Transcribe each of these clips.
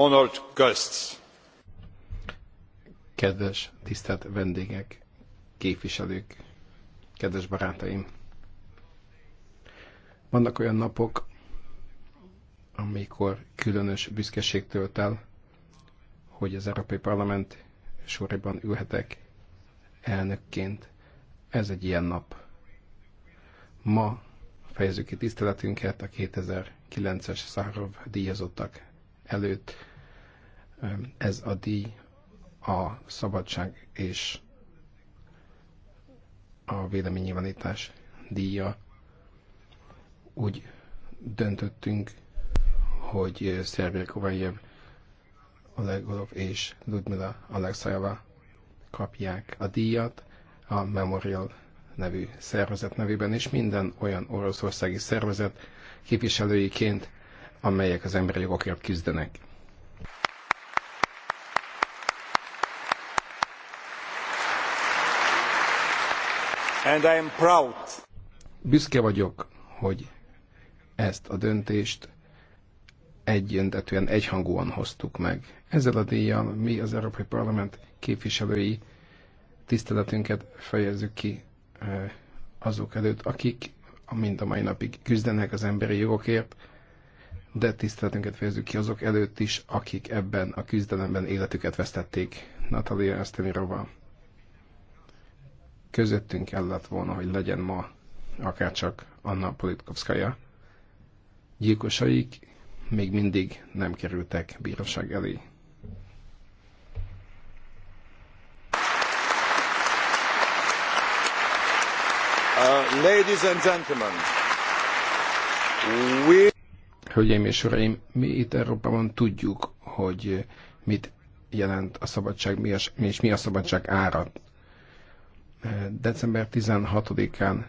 Honored guests. Kedves, tisztelt vendégek, képviselők, kedves barátaim! Vannak olyan napok, amikor különös büszkeség tölt el, hogy az Európai Parlament soriban ülhetek elnökként. Ez egy ilyen nap. Ma fejezzük ki tiszteletünket a 2009-es Szárov díjazottak előtt, ez a díj a szabadság és a véleménynyilvánítás díja. Úgy döntöttünk, hogy Szerbia Kovájev, Olegolov és Ludmila Alexajava kapják a díjat a Memorial nevű szervezet nevében, és minden olyan oroszországi szervezet képviselőiként, amelyek az emberi jogokért küzdenek. And I am proud. Büszke vagyok, hogy ezt a döntést egyöntetően, egyhangúan hoztuk meg. Ezzel a díjjal mi az Európai Parlament képviselői tiszteletünket fejezzük ki eh, azok előtt, akik mind a mai napig küzdenek az emberi jogokért, de tiszteletünket fejezzük ki azok előtt is, akik ebben a küzdelemben életüket vesztették. Natalia Estemirova közöttünk kellett volna, hogy legyen ma akárcsak Anna Politkovskaja. Gyilkosaik még mindig nem kerültek bíróság elé. Uh, ladies and gentlemen, we... Hölgyeim és uraim, mi itt Európában tudjuk, hogy mit jelent a szabadság, mi és mi a szabadság ára. December 16-án,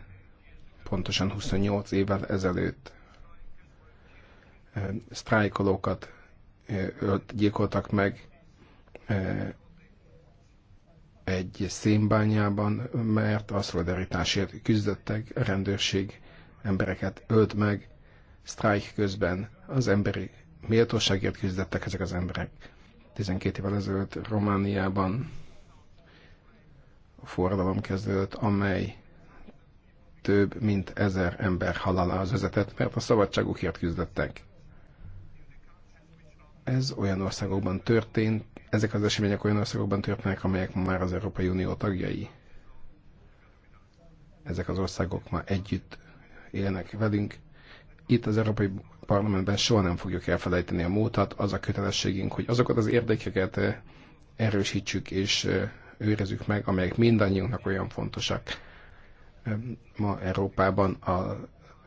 pontosan 28 évvel ezelőtt sztrájkolókat ölt, gyilkoltak meg egy szénbányában, mert a szolidaritásért küzdöttek, a rendőrség embereket ölt meg, sztrájk közben az emberi méltóságért küzdöttek ezek az emberek. 12 évvel ezelőtt Romániában forradalom kezdődött, amely több mint ezer ember halálához vezetett, mert a szabadságukért küzdöttek. Ez olyan országokban történt, ezek az események olyan országokban történnek, amelyek már az Európai Unió tagjai. Ezek az országok ma együtt élnek velünk. Itt az Európai Parlamentben soha nem fogjuk elfelejteni a múltat, az a kötelességünk, hogy azokat az érdekeket eh, erősítsük és eh, őrezzük meg, amelyek mindannyiunknak olyan fontosak. Ma Európában a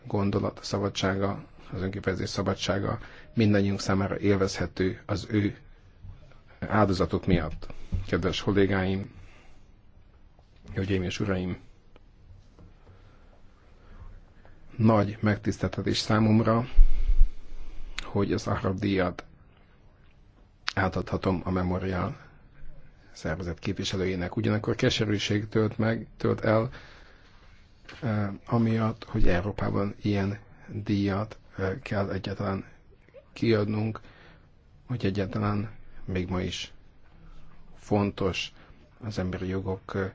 gondolat a szabadsága, az önkifejezés szabadsága mindannyiunk számára élvezhető az ő áldozatuk miatt. Kedves kollégáim, hölgyeim és uraim, nagy megtiszteltetés számomra, hogy az Arab díjat átadhatom a Memorial szervezet képviselőjének. Ugyanakkor keserűség tölt meg, tölt el, eh, amiatt, hogy Európában ilyen díjat eh, kell egyáltalán kiadnunk, hogy egyáltalán még ma is fontos az emberi jogok eh,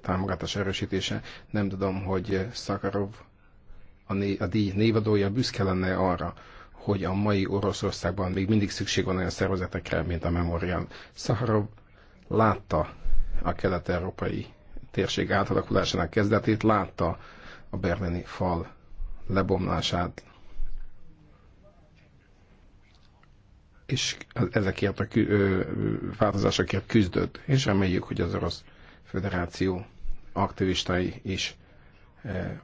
támogatás erősítése. Nem tudom, hogy Szakarov a, né- a díj névadója büszke lenne arra, hogy a mai Oroszországban még mindig szükség van olyan szervezetekre, mint a Memorial. Szaharov látta a kelet-európai térség átalakulásának kezdetét, látta a berlini fal lebomlását, és ezekért a változásokért küzdött, és reméljük, hogy az Orosz Föderáció aktivistái is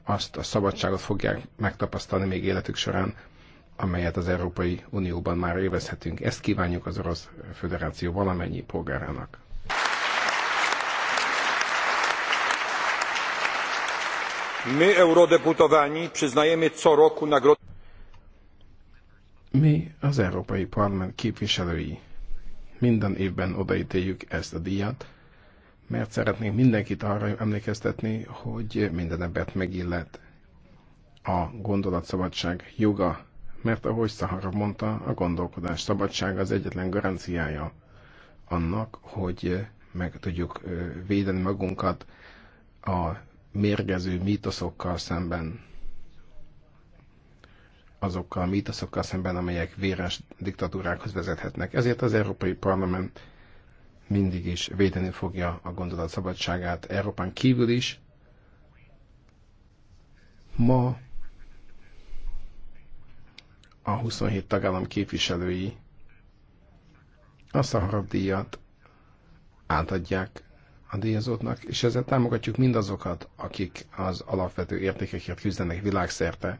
azt a szabadságot fogják megtapasztalni még életük során, amelyet az Európai Unióban már élvezhetünk. Ezt kívánjuk az Orosz Föderáció valamennyi polgárának. Mi eurodeputowani, przyznajemy co roku nagrodę. Mi, az Európai Parlament képviselői, minden évben odaítéljük ezt a díjat, mert szeretnénk mindenkit arra emlékeztetni, hogy minden ebbet megillet a gondolatszabadság joga mert ahogy Szahara mondta, a gondolkodás szabadsága az egyetlen garanciája annak, hogy eh, meg tudjuk eh, védeni magunkat a mérgező mítoszokkal szemben, azokkal a mítoszokkal szemben, amelyek véres diktatúrákhoz vezethetnek. Ezért az Európai Parlament mindig is védeni fogja a gondolat szabadságát Európán kívül is. Ma a 27 tagállam képviselői a Szaharab díjat átadják a díjazottnak, és ezzel támogatjuk mindazokat, akik az alapvető értékekért küzdenek világszerte.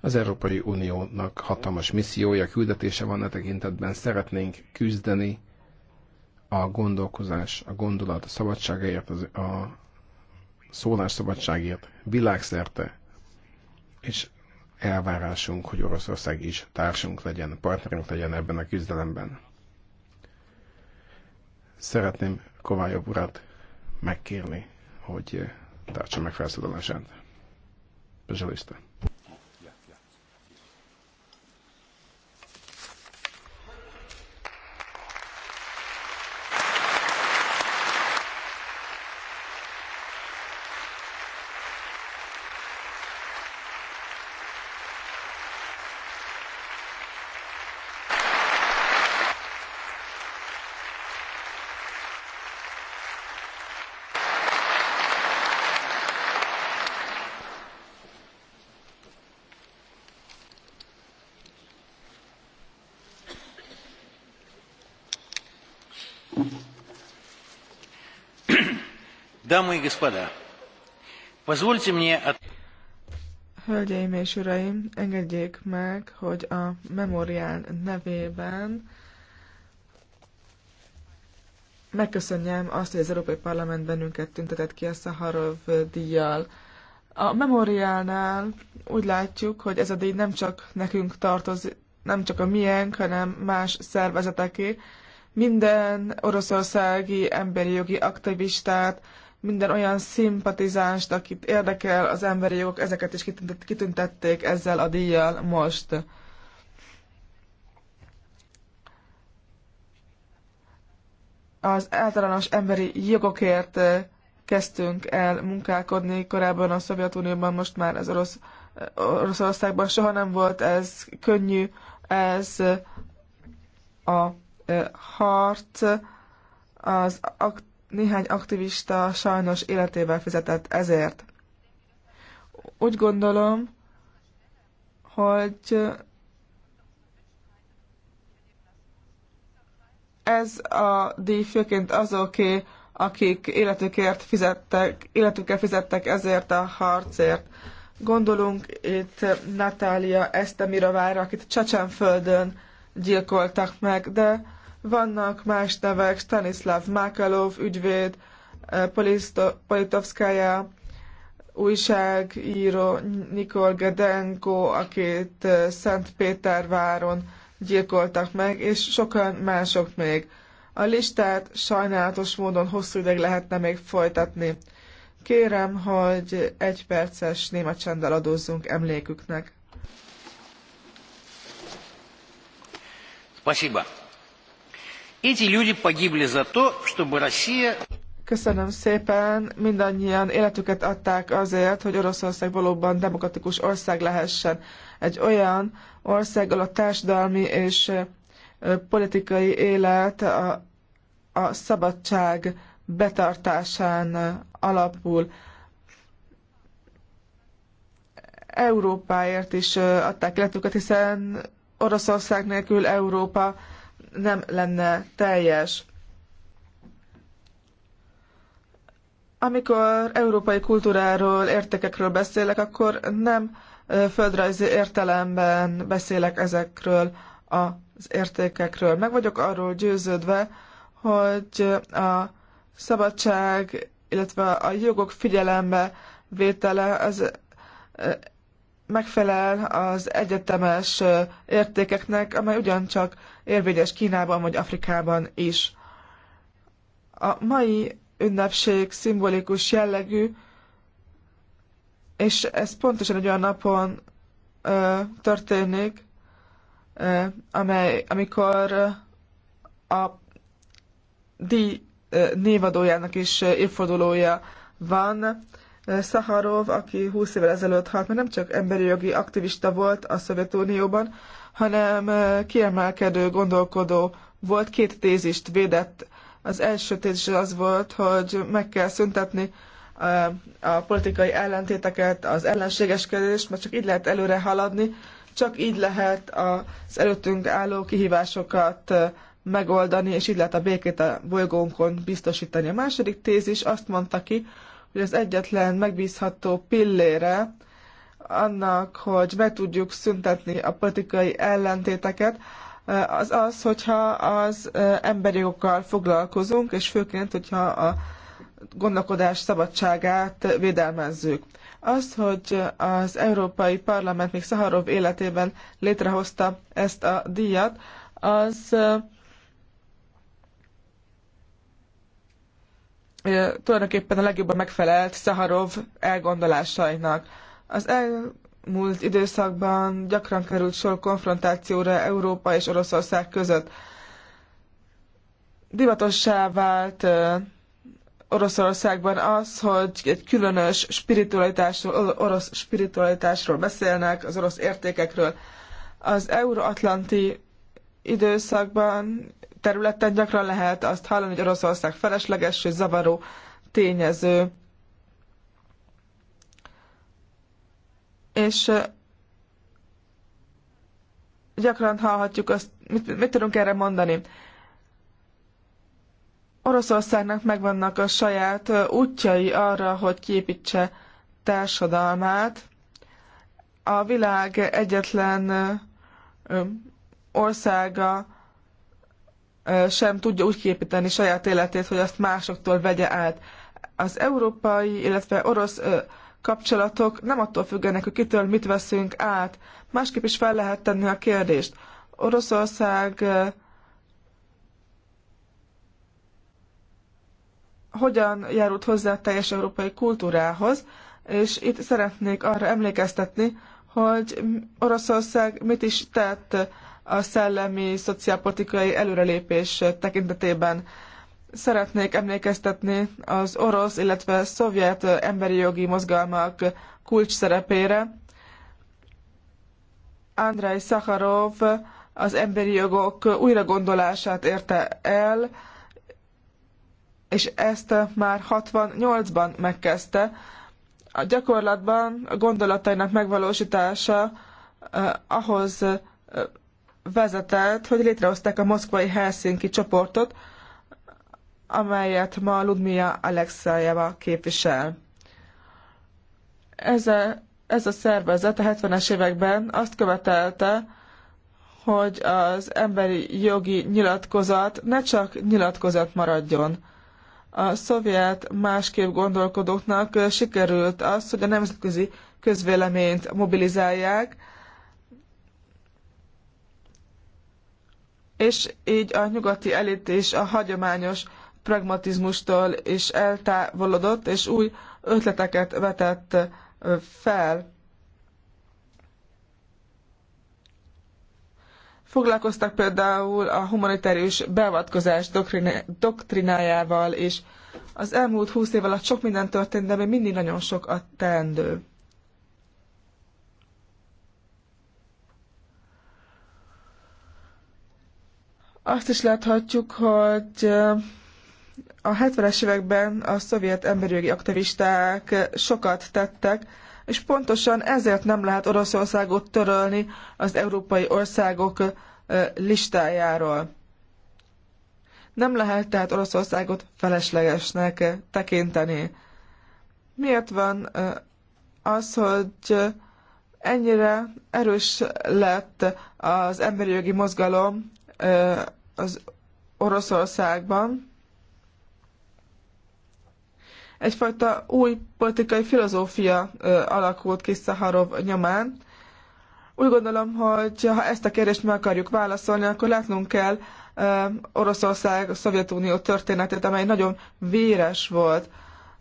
Az Európai Uniónak hatalmas missziója, küldetése van e tekintetben. Szeretnénk küzdeni a gondolkozás, a gondolat, a szabadságért, a szólásszabadságért világszerte. És elvárásunk, hogy Oroszország is társunk legyen, partnerünk legyen ebben a küzdelemben. Szeretném Kovályov urat megkérni, hogy eh, tartsa meg felszólalását. Pezsolista. Дамы и господа, позвольте мне... От... Hölgyeim és uraim, engedjék meg, hogy a memoriál nevében megköszönjem azt, hogy az Európai Parlament bennünket tüntetett ki a Szaharov díjjal. A memoriálnál úgy látjuk, hogy ez a díj nem csak nekünk tartozik, nem csak a miénk, hanem más szervezeteké. Minden oroszországi emberi jogi aktivistát, minden olyan szimpatizánst, akit érdekel az emberi jogok, ezeket is kitüntették ezzel a díjjal most. Az általános emberi jogokért eh, kezdtünk el munkálkodni korábban a Szovjetunióban, most már az orosz, eh, Oroszországban soha nem volt ez könnyű, ez eh, a harc, az akt néhány aktivista sajnos életével fizetett ezért. Úgy gondolom, hogy ez a díj főként azoké, akik életükért fizettek, életükkel fizettek ezért a harcért. Gondolunk itt Natália Esztemirovára, akit Csecsenföldön gyilkoltak meg, de vannak más nevek, Stanislav Makalov, ügyvéd, eh, Politovskaya, újságíró Nikol Gedenko, akit eh, Szentpéterváron gyilkoltak meg, és sokan mások még. A listát sajnálatos módon hosszú ideig lehetne még folytatni. Kérem, hogy egy perces néma csenddel adózzunk emléküknek. Спасибо. Köszönöm szépen, mindannyian életüket adták azért, hogy Oroszország valóban demokratikus ország lehessen. Egy olyan ország, ahol a társadalmi és politikai élet a, a szabadság betartásán alapul. Európáért is adták életüket, hiszen Oroszország nélkül Európa nem lenne teljes. Amikor európai kultúráról, értékekről beszélek, akkor nem földrajzi értelemben beszélek ezekről az értékekről. Meg vagyok arról győződve, hogy a szabadság, illetve a jogok figyelembe vétele az megfelel az egyetemes értékeknek, amely ugyancsak érvényes Kínában vagy Afrikában is. A mai ünnepség szimbolikus jellegű, és ez pontosan egy olyan napon ö, történik, ö, amely, amikor a díj névadójának is évfordulója van, Szaharov, aki 20 évvel ezelőtt halt, mert nem csak emberi jogi aktivista volt a Szovjetunióban, hanem kiemelkedő gondolkodó volt, két tézist védett. Az első tézis az volt, hogy meg kell szüntetni a politikai ellentéteket, az ellenségeskedést, mert csak így lehet előre haladni, csak így lehet az előttünk álló kihívásokat megoldani, és így lehet a békét a bolygónkon biztosítani. A második tézis azt mondta ki, hogy az egyetlen megbízható pillére annak, hogy meg tudjuk szüntetni a politikai ellentéteket, eh, az az, hogyha az eh, emberi jogokkal foglalkozunk, és főként, hogyha a gondolkodás szabadságát védelmezzük. Az, hogy az Európai Parlament még Szaharov életében létrehozta ezt a díjat, az eh, tulajdonképpen a legjobban megfelelt Szaharov elgondolásainak. Az elmúlt időszakban gyakran került sor konfrontációra Európa és Oroszország között. Divatossá vált Oroszországban az, hogy egy különös spiritualitásról, orosz spiritualitásról beszélnek, az orosz értékekről. Az euróatlanti időszakban területen gyakran lehet azt hallani, hogy Oroszország felesleges, és zavaró tényező. És gyakran hallhatjuk azt, mit, mit tudunk erre mondani. Oroszországnak megvannak a saját útjai arra, hogy kiépítse társadalmát. A világ egyetlen országa, sem tudja úgy képíteni saját életét, hogy azt másoktól vegye át. Az európai, illetve orosz kapcsolatok nem attól függenek, hogy kitől mit veszünk át. Másképp is fel lehet tenni a kérdést. Oroszország hogyan járult hozzá a teljes európai kultúrához, és itt szeretnék arra emlékeztetni, hogy Oroszország mit is tett a szellemi, szociálpolitikai előrelépés tekintetében. Szeretnék emlékeztetni az orosz, illetve szovjet emberi jogi mozgalmak kulcs szerepére. Andrei az emberi jogok újragondolását érte el, és ezt már 68-ban megkezdte. A gyakorlatban a gondolatainak megvalósítása eh, ahhoz eh, vezetett, hogy létrehozták a moszkvai Helsinki csoportot, amelyet ma Ludmilla Alexejeva képvisel. Ez a, ez a szervezet a 70-es években azt követelte, hogy az emberi jogi nyilatkozat ne csak nyilatkozat maradjon. A szovjet másképp gondolkodóknak sikerült az, hogy a nemzetközi közvéleményt mobilizálják, és így a nyugati elit is a hagyományos pragmatizmustól is eltávolodott, és új ötleteket vetett fel. Foglalkoztak például a humanitárius beavatkozás doktrinájával is. Az elmúlt húsz év alatt sok minden történt, de még mindig nagyon sok a teendő. Azt is láthatjuk, hogy a 70-es években a szovjet emberjogi aktivisták sokat tettek, és pontosan ezért nem lehet Oroszországot törölni az európai országok listájáról. Nem lehet tehát Oroszországot feleslegesnek tekinteni. Miért van az, hogy ennyire erős lett az emberi jogi mozgalom az Oroszországban. Egyfajta új politikai filozófia alakult ki Szaharov nyomán. Úgy gondolom, hogy ha ezt a kérdést meg akarjuk válaszolni, akkor látnunk kell Oroszország, a Szovjetunió történetét, amely nagyon véres volt.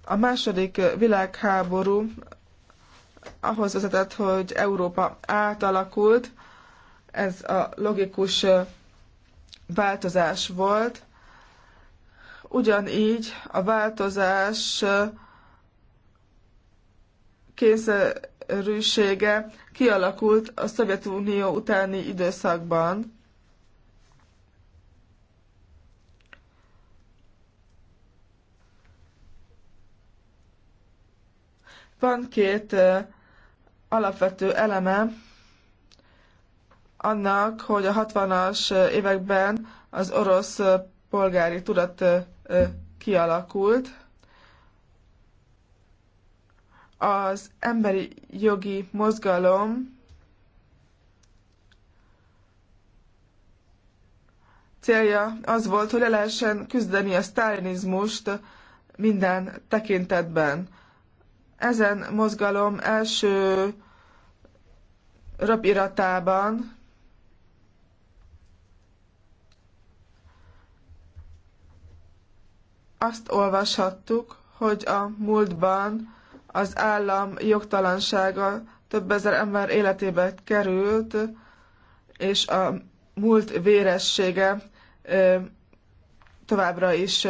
A második világháború ahhoz vezetett, hogy Európa átalakult, ez a logikus változás volt. Ugyanígy a változás kényszerűsége kialakult a Szovjetunió utáni időszakban. Van két alapvető eleme annak, hogy a 60-as években az orosz polgári tudat kialakult. Az emberi jogi mozgalom célja az volt, hogy le lehessen küzdeni a sztálinizmust minden tekintetben. Ezen mozgalom első röpiratában azt olvashattuk, hogy a múltban az állam jogtalansága több ezer ember életébe került, és a múlt véressége továbbra is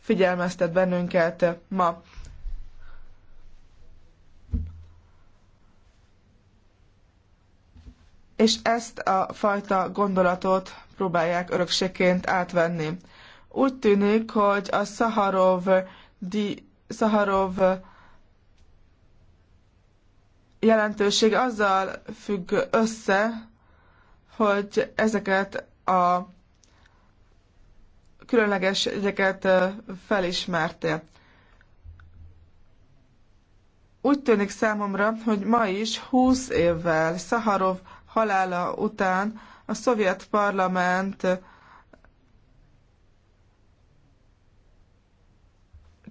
figyelmeztet bennünket ma. És ezt a fajta gondolatot próbálják örökségként átvenni. Úgy tűnik, hogy a Szaharov, di, Szaharov jelentőség azzal függ össze, hogy ezeket a különleges ügyeket felismerte. Úgy tűnik számomra, hogy ma is 20 évvel Szaharov halála után a szovjet parlament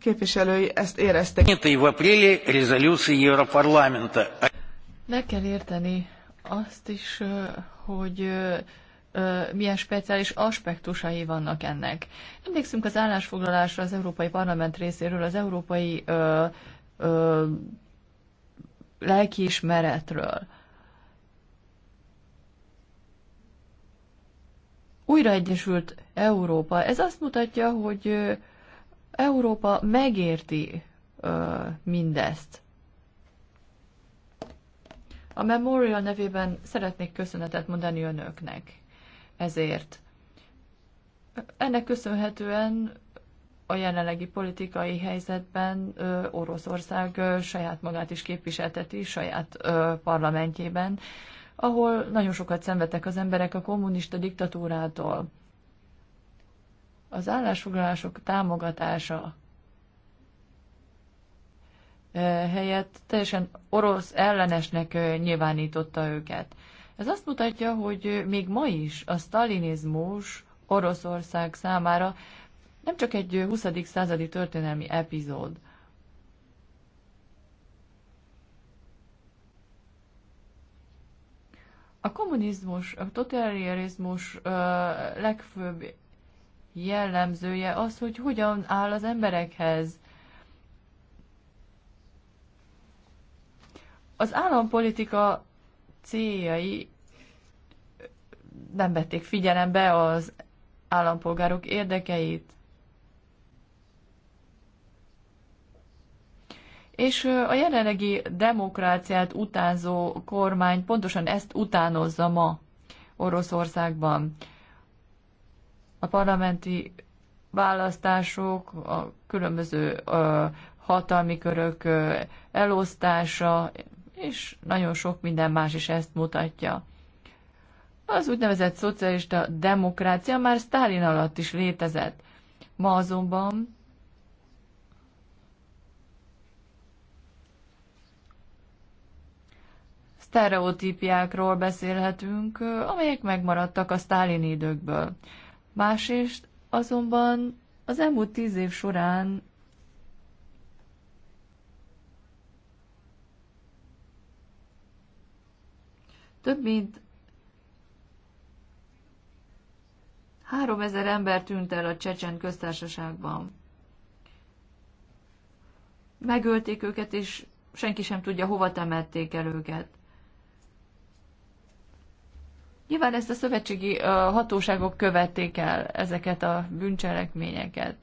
képviselői ezt érezték. Meg kell érteni azt is, hogy milyen speciális aspektusai vannak ennek. Emlékszünk az állásfoglalásra az Európai Parlament részéről, az európai ö, ö, lelkiismeretről. Újraegyesült Európa. Ez azt mutatja, hogy Európa megérti ö, mindezt. A Memorial nevében szeretnék köszönetet mondani önöknek ezért. Ennek köszönhetően a jelenlegi politikai helyzetben ö, Oroszország ö, saját magát is képviselteti, saját ö, parlamentjében, ahol nagyon sokat szenvedtek az emberek a kommunista diktatúrától az állásfoglalások támogatása helyett teljesen orosz ellenesnek nyilvánította őket. Ez azt mutatja, hogy még ma is a sztalinizmus Oroszország számára nem csak egy 20. századi történelmi epizód. A kommunizmus, a totalitarizmus legfőbb jellemzője az, hogy hogyan áll az emberekhez. Az állampolitika céljai nem vették figyelembe az állampolgárok érdekeit. És a jelenlegi demokráciát utánzó kormány pontosan ezt utánozza ma Oroszországban a parlamenti választások, a különböző hatalmi körök elosztása, és nagyon sok minden más is ezt mutatja. Az úgynevezett szocialista demokrácia már Sztálin alatt is létezett. Ma azonban sztereotípiákról beszélhetünk, amelyek megmaradtak a sztálini időkből. Másrészt azonban az elmúlt tíz év során több mint 3000 ember tűnt el a Csecsen köztársaságban. Megölték őket, és senki sem tudja, hova temették el őket. Nyilván ezt a szövetségi hatóságok követték el ezeket a bűncselekményeket.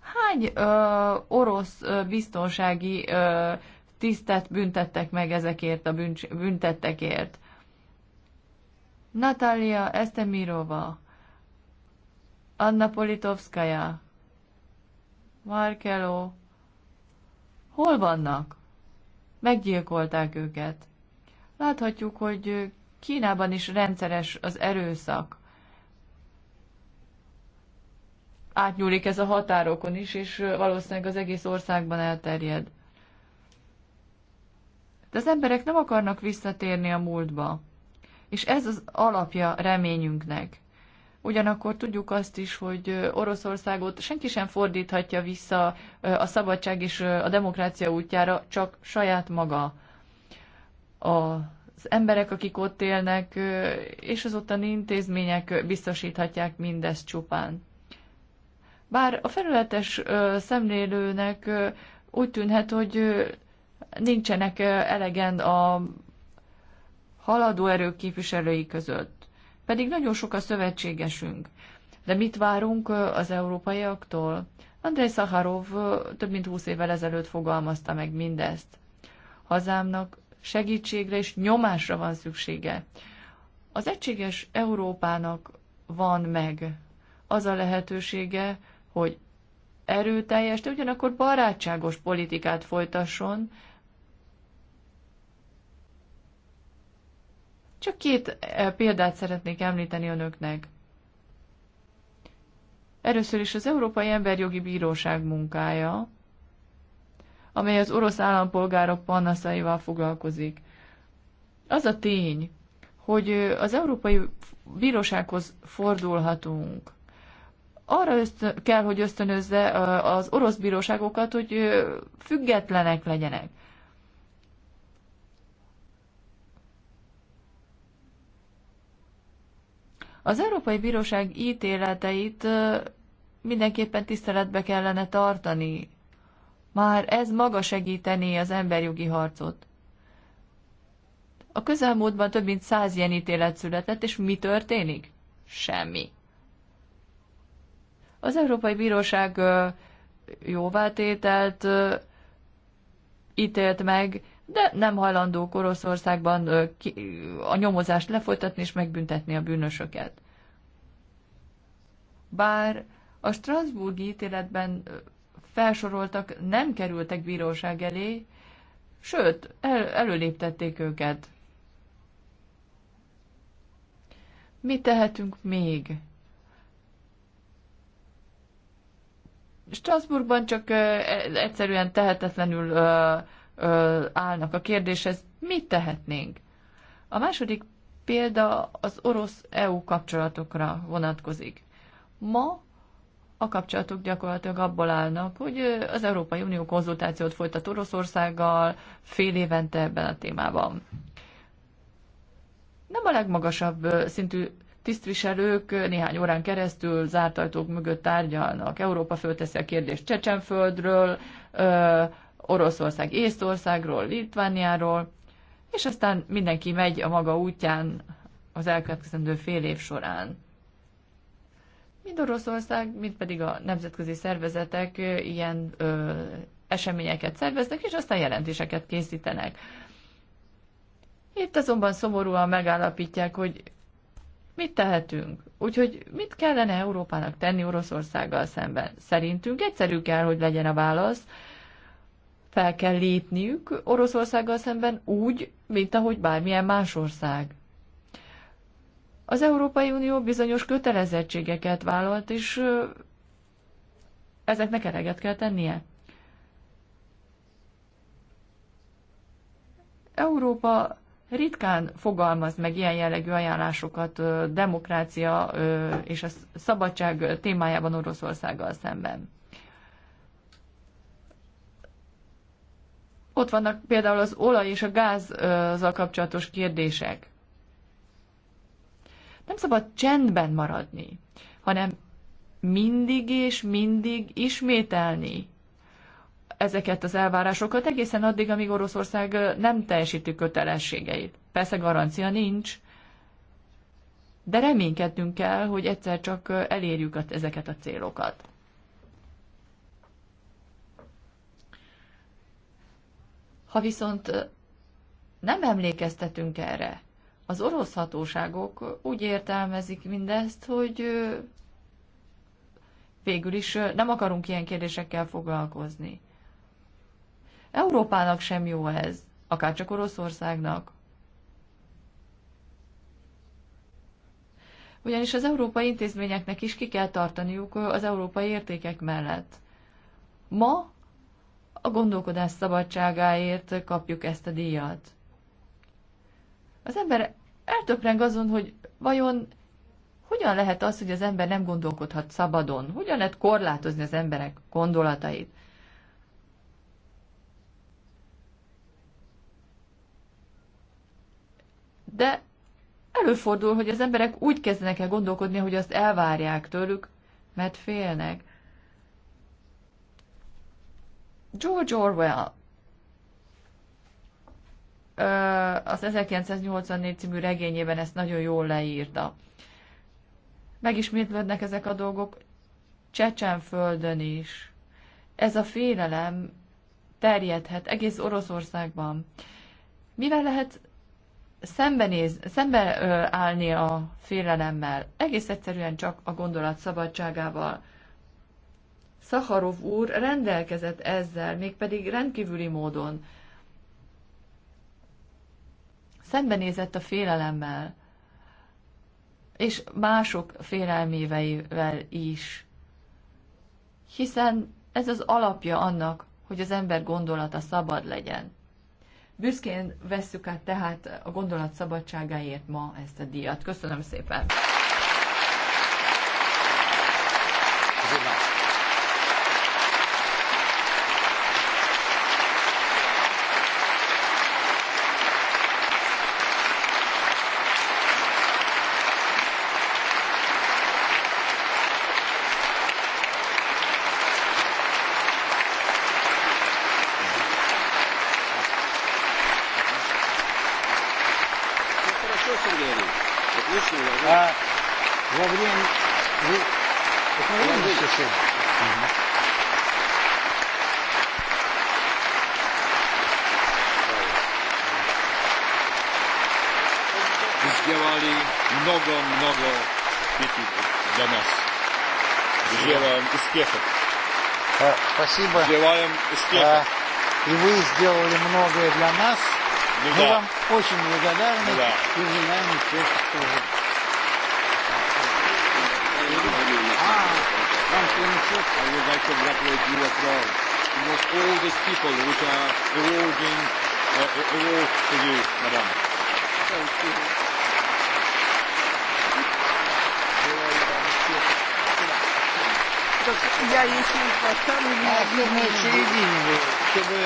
Hány ö, orosz ö, biztonsági ö, tisztet büntettek meg ezekért a bűncs, büntettekért? Natalia Estemirova, Anna Politovskaya, Markelo, hol vannak? Meggyilkolták őket. Láthatjuk, hogy Kínában is rendszeres az erőszak. Átnyúlik ez a határokon is, és valószínűleg az egész országban elterjed. De az emberek nem akarnak visszatérni a múltba. És ez az alapja reményünknek. Ugyanakkor tudjuk azt is, hogy Oroszországot senki sem fordíthatja vissza a szabadság és a demokrácia útjára, csak saját maga az emberek, akik ott élnek, és az ottani intézmények biztosíthatják mindezt csupán. Bár a felületes szemlélőnek úgy tűnhet, hogy nincsenek elegend a haladó erők képviselői között. Pedig nagyon sok a szövetségesünk. De mit várunk az európaiaktól? Andrei Szaharov több mint húsz évvel ezelőtt fogalmazta meg mindezt. Hazámnak segítségre és nyomásra van szüksége. Az egységes Európának van meg az a lehetősége, hogy erőteljes, de ugyanakkor barátságos politikát folytasson, Csak két e, példát szeretnék említeni önöknek. Először is az Európai Emberjogi Bíróság munkája, amely az orosz állampolgárok panaszaival foglalkozik. Az a tény, hogy az Európai Bírósághoz fordulhatunk. Arra ösztön, kell, hogy ösztönözze az orosz bíróságokat, hogy függetlenek legyenek. Az Európai Bíróság ítéleteit mindenképpen tiszteletbe kellene tartani, már ez maga segítené az emberjogi harcot. A közelmúltban több mint száz ilyen ítélet született, és mi történik? Semmi. Az Európai Bíróság jóvátételt ítélt meg, de nem hajlandó Oroszországban a nyomozást lefolytatni és megbüntetni a bűnösöket. Bár a Strasbourg ítéletben felsoroltak nem kerültek bíróság elé, sőt, el, előléptették őket. Mi tehetünk még? Strasbourgban csak uh, egyszerűen tehetetlenül uh, uh, állnak a kérdéshez, mit tehetnénk? A második példa az orosz-EU kapcsolatokra vonatkozik. Ma a kapcsolatok gyakorlatilag abból állnak, hogy az Európai Unió konzultációt folytat Oroszországgal fél évente ebben a témában. Nem a legmagasabb szintű tisztviselők néhány órán keresztül zárt ajtók mögött tárgyalnak. Európa fölteszi a kérdést Csecsenföldről, Oroszország, Észtországról, Litvániáról, és aztán mindenki megy a maga útján az elkövetkezendő fél év során. Mind Oroszország, mind pedig a nemzetközi szervezetek ilyen ö, eseményeket szerveznek, és aztán jelentéseket készítenek. Itt azonban szomorúan megállapítják, hogy mit tehetünk. Úgyhogy mit kellene Európának tenni Oroszországgal szemben? Szerintünk egyszerű kell, hogy legyen a válasz. Fel kell lépniük Oroszországgal szemben úgy, mint ahogy bármilyen más ország. Az Európai Unió bizonyos kötelezettségeket vállalt, és ezeknek eleget kell tennie. Európa ritkán fogalmaz meg ilyen jellegű ajánlásokat demokrácia és a szabadság témájában Oroszországgal szemben. Ott vannak például az olaj és a gázzal kapcsolatos kérdések. Nem szabad csendben maradni, hanem mindig és mindig ismételni ezeket az elvárásokat egészen addig, amíg Oroszország nem teljesíti kötelességeit. Persze garancia nincs, de reménykednünk kell, hogy egyszer csak elérjük ezeket a célokat. Ha viszont nem emlékeztetünk erre, az orosz hatóságok úgy értelmezik mindezt, hogy végül is nem akarunk ilyen kérdésekkel foglalkozni. Európának sem jó ez, akárcsak Oroszországnak. Ugyanis az európai intézményeknek is ki kell tartaniuk az európai értékek mellett. Ma a gondolkodás szabadságáért kapjuk ezt a díjat. Az ember eltöpreng azon, hogy vajon hogyan lehet az, hogy az ember nem gondolkodhat szabadon? Hogyan lehet korlátozni az emberek gondolatait? De előfordul, hogy az emberek úgy kezdenek el gondolkodni, hogy azt elvárják tőlük, mert félnek. George Orwell az 1984 című regényében ezt nagyon jól leírta. Megismétlődnek ezek a dolgok Csecsenföldön is. Ez a félelem terjedhet egész Oroszországban. Mivel lehet szembenéz, szembe állni a félelemmel, egész egyszerűen csak a gondolat szabadságával. Szaharov úr rendelkezett ezzel, mégpedig rendkívüli módon szembenézett a félelemmel, és mások félelméveivel is. Hiszen ez az alapja annak, hogy az ember gondolata szabad legyen. Büszkén vesszük át tehát a gondolat szabadságáért ma ezt a díjat. Köszönöm szépen! спасибо. Желаем успеха. И вы сделали многое для нас. Ну, Мы да. вам очень благодарны ну, да. и желаем успеха тоже. like to congratulate you as well. all these people which are awarding uh, you, madam. Thank you. так я если и поставлю... А ты на середине, чтобы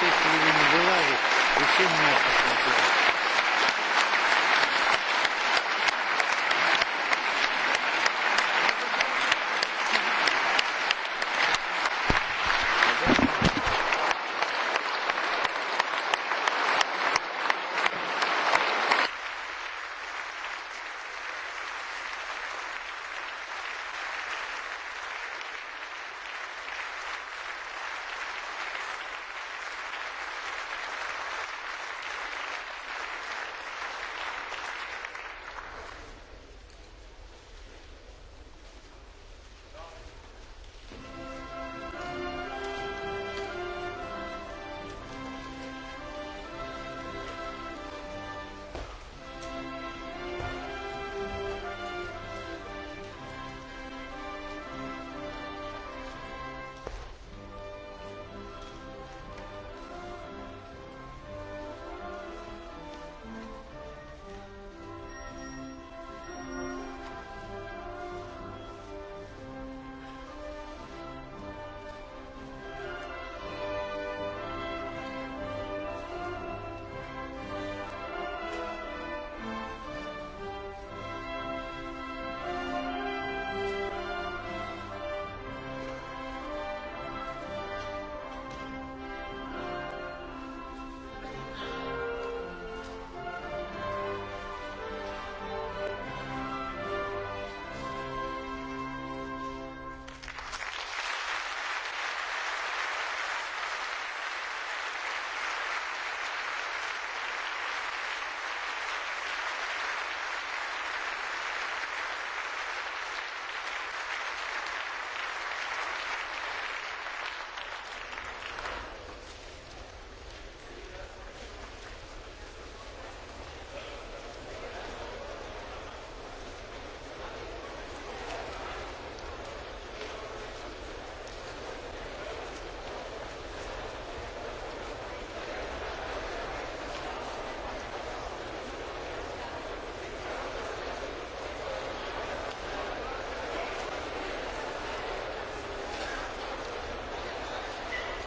ты середине была, и все меня посмотрели.